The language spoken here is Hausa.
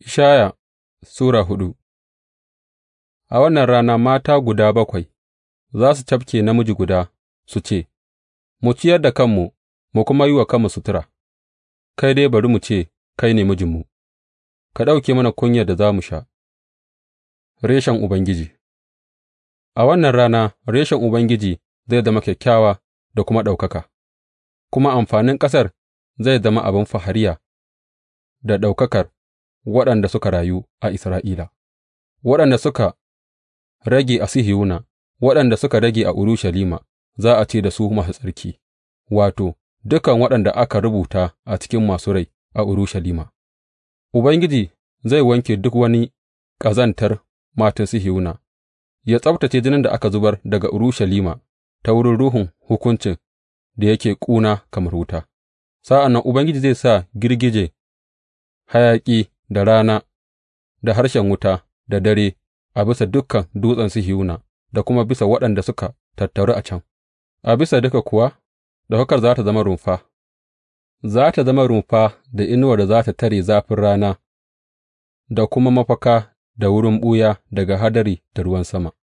Ishaya Sura hudu A wannan rana mata guda bakwai za su cafke namiji guda su ce, Mu ciyar da kanmu mu kuma yi wa kanmu sutura, kai dai bari mu ce kai ne mijinmu, ka ɗauke mana kunyar da za mu sha, reshen Ubangiji A wannan rana reshen Ubangiji zai zama kyakkyawa da kuma ɗaukaka, kuma amfanin ƙasar zai zama abin fahariya da ɗaukakar waɗanda suka rayu a Isra'ila, waɗanda suka rage a Sihiyuna, waɗanda suka rage a Urushalima, za a ce da su masu tsarki, wato, dukan waɗanda aka rubuta a cikin masu rai a Urushalima. Ubangiji zai wanke duk wani ƙazantar matan Sihiyuna, ya tsabtace jinin da aka zubar daga Urushalima ta wurin ruhun hukuncin da yake ƙuna kamar wuta. Sa'an nan Ubangiji zai sa girgije hayaƙi da rana da harshen wuta da dare a bisa dukan Dutsen Sihiyona da kuma bisa waɗanda suka tattaru a can, a bisa duka kuwa ɗaukakar za tă zama rumfa, za tă zama rumfa da inuwar da za ta tare zafin rana da kuma mafaka da wurin ɓuya daga hadari da ruwan sama.